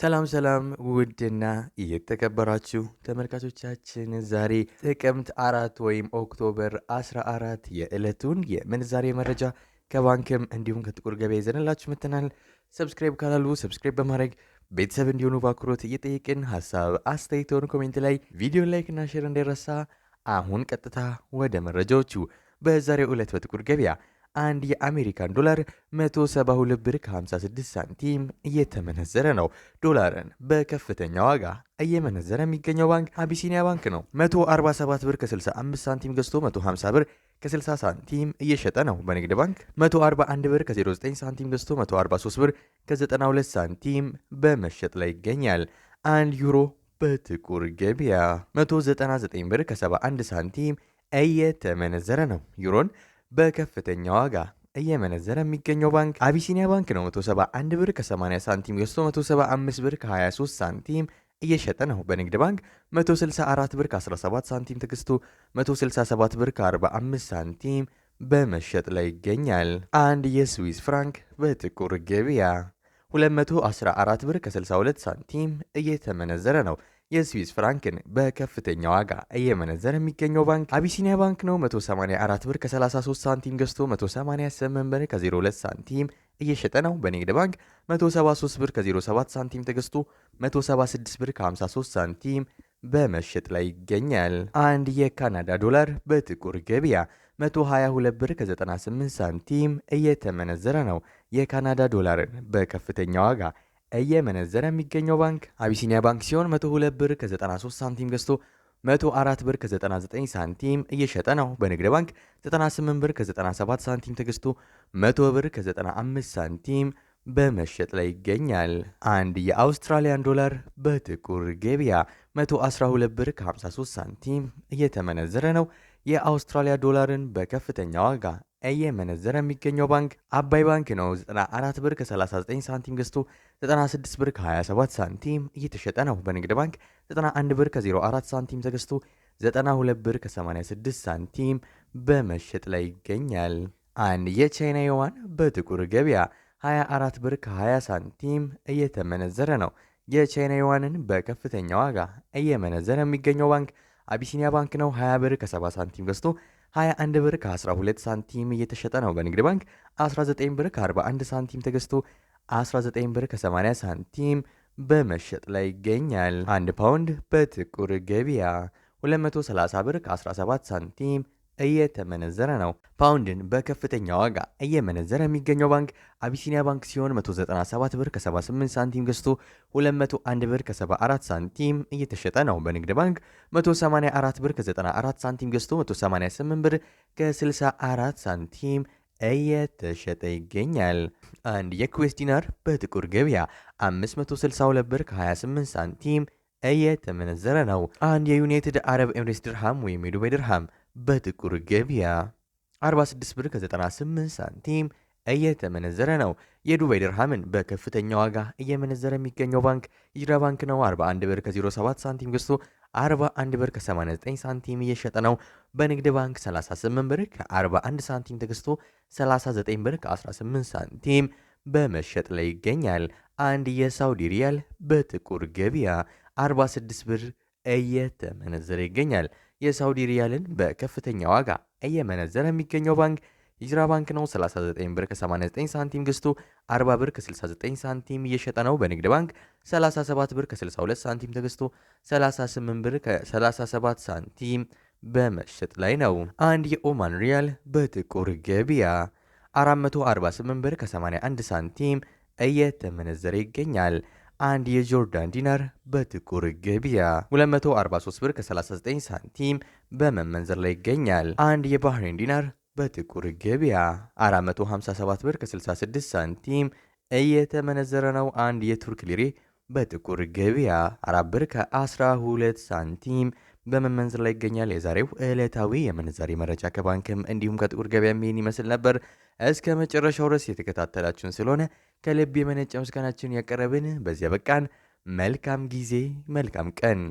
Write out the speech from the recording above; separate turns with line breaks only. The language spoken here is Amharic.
ሰላም ሰላም ውድና እየተከበራችሁ ተመልካቾቻችን ዛሬ ጥቅምት አራት ወይም ኦክቶበር 14 የዕለቱን የምንዛሬ መረጃ ከባንክም እንዲሁም ከጥቁር ገበያ ይዘንላችሁ መጥተናል። ሰብስክራይብ ካላሉ ሰብስክራይብ በማድረግ ቤተሰብ እንዲሆኑ በአክብሮት እየጠየቅን ሀሳብ አስተያየቶን ኮሜንት ላይ ቪዲዮ ላይክና ሼር እንዳይረሳ። አሁን ቀጥታ ወደ መረጃዎቹ። በዛሬው ዕለት በጥቁር ገበያ አንድ የአሜሪካን ዶላር 172 ብር ከ56 ሳንቲም እየተመነዘረ ነው። ዶላርን በከፍተኛ ዋጋ እየመነዘረ የሚገኘው ባንክ አቢሲኒያ ባንክ ነው። 147 ብር ከ65 ሳንቲም ገዝቶ 150 ብር ከ60 ሳንቲም እየሸጠ ነው። በንግድ ባንክ 141 ብር ከ09 ሳንቲም ገዝቶ 143 ብር ከ92 ሳንቲም በመሸጥ ላይ ይገኛል። አንድ ዩሮ በጥቁር ገበያ 199 ብር ከ71 ሳንቲም እየተመነዘረ ነው። ዩሮን በከፍተኛ ዋጋ እየመነዘረ የሚገኘው ባንክ አቢሲኒያ ባንክ ነው። 171 ብር ከ80 ሳንቲም ገዝቶ 175 ብር ከ23 ሳንቲም እየሸጠ ነው። በንግድ ባንክ 164 ብር ከ17 ሳንቲም ተገዝቶ 167 ብር ከ45 ሳንቲም በመሸጥ ላይ ይገኛል። አንድ የስዊስ ፍራንክ በጥቁር ገበያ 214 ብር ከ62 ሳንቲም እየተመነዘረ ነው። የስዊስ ፍራንክን በከፍተኛ ዋጋ እየመነዘረ የሚገኘው ባንክ አቢሲኒያ ባንክ ነው። 184 ብር ከ33 ሳንቲም ገዝቶ 188 ብር ከ02 ሳንቲም እየሸጠ ነው። በንግድ ባንክ 173 ብር ከ07 ሳንቲም ተገዝቶ 176 ብር ከ53 ሳንቲም በመሸጥ ላይ ይገኛል። አንድ የካናዳ ዶላር በጥቁር ገበያ 122 ብር ከ98 ሳንቲም እየተመነዘረ ነው። የካናዳ ዶላርን በከፍተኛ ዋጋ እየመነዘረ የሚገኘው ባንክ አቢሲኒያ ባንክ ሲሆን 102 ብር ከ93 ሳንቲም ገዝቶ 104 ብር ከ99 ሳንቲም እየሸጠ ነው። በንግድ ባንክ 98 ብር ከ97 ሳንቲም ተገዝቶ 100 ብር ከ95 ሳንቲም በመሸጥ ላይ ይገኛል። አንድ የአውስትራሊያን ዶላር በጥቁር ገበያ 112 ብር ከ53 ሳንቲም እየተመነዘረ ነው። የአውስትራሊያ ዶላርን በከፍተኛ ዋጋ እየመነዘረ የሚገኘው ባንክ አባይ ባንክ ነው። 94 ብር ከ39 ሳንቲም ገዝቶ 96 ብር ከ27 ሳንቲም እየተሸጠ ነው። በንግድ ባንክ 91 ብር ከ04 ሳንቲም ተገዝቶ 92 ብር ከ86 ሳንቲም በመሸጥ ላይ ይገኛል። አንድ የቻይና ዮዋን በጥቁር ገበያ 24 ብር ከ20 ሳንቲም እየተመነዘረ ነው። የቻይና ዮዋንን በከፍተኛ ዋጋ እየመነዘረ የሚገኘው ባንክ አቢሲኒያ ባንክ ነው። 20 ብር ከ70 ሳንቲም ገዝቶ 21 ብር ከ12 ሳንቲም እየተሸጠ ነው። በንግድ ባንክ 19 ብር ከ41 ሳንቲም ተገዝቶ 19 ብር ከ80 ሳንቲም በመሸጥ ላይ ይገኛል። አንድ ፓውንድ በጥቁር ገበያ 230 ብር ከ17 ሳንቲም እየተመነዘረ ነው። ፓውንድን በከፍተኛ ዋጋ እየመነዘረ የሚገኘው ባንክ አቢሲኒያ ባንክ ሲሆን 197 ብር ከ78 ሳንቲም ገዝቶ 201 ብር ከ74 ሳንቲም እየተሸጠ ነው። በንግድ ባንክ 184 ብር ከ94 ሳንቲም ገዝቶ 188 ብር ከ64 ሳንቲም እየተሸጠ ይገኛል። አንድ የኩዌስ ዲናር በጥቁር ገበያ 562 ብር ከ28 ሳንቲም እየተመነዘረ ነው። አንድ የዩናይትድ አረብ ኤምሬትስ ድርሃም ወይም የዱባይ ድርሃም በጥቁር ገበያ 46 ብር ከ98 ሳንቲም እየተመነዘረ ነው። የዱባይ ድርሃምን በከፍተኛ ዋጋ እየመነዘረ የሚገኘው ባንክ ሂጅራ ባንክ ነው። 41 ብር ከ07 ሳንቲም ገዝቶ 41 ብር ከ89 ሳንቲም እየሸጠ ነው። በንግድ ባንክ 38 ብር ከ41 ሳንቲም ተገዝቶ 39 ብር ከ18 ሳንቲም በመሸጥ ላይ ይገኛል። አንድ የሳውዲ ሪያል በጥቁር ገበያ 46 ብር እየተመነዘረ ይገኛል። የሳውዲ ሪያልን በከፍተኛ ዋጋ እየመነዘረ የሚገኘው ባንክ ሂጅራ ባንክ ነው። 39 ብር ከ89 ሳንቲም ገዝቶ 40 ብር ከ69 ሳንቲም እየሸጠ ነው። በንግድ ባንክ 37 ብር ከ62 ሳንቲም ተገዝቶ 38 ብር ከ37 ሳንቲም በመሸጥ ላይ ነው። አንድ የኦማን ሪያል በጥቁር ገበያ 448 ብር ከ81 ሳንቲም እየተመነዘረ ይገኛል። አንድ የጆርዳን ዲናር በጥቁር ገበያ 243 ብር ከ39 ሳንቲም በመመንዘር ላይ ይገኛል። አንድ የባህሬን ዲናር በጥቁር ገበያ 457 ብር ከ66 ሳንቲም እየተመነዘረ ነው። አንድ የቱርክ ሊሬ በጥቁር ገበያ 4 ብር ከ12 ሳንቲም በመመንዘር ላይ ይገኛል። የዛሬው ዕለታዊ የምንዛሬ መረጃ ከባንክም እንዲሁም ከጥቁር ገበያ ሚን ይመስል ነበር። እስከ መጨረሻው ድረስ የተከታተላችሁን ስለሆነ ከልብ የመነጨ ምስጋናችን ያቀረብን በዚያ በቃን። መልካም ጊዜ፣ መልካም ቀን